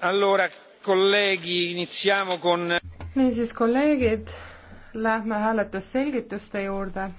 Allora, kolleegi, iniziamo con... niisiis, kolleegid, lähme hääletusselgituste juurde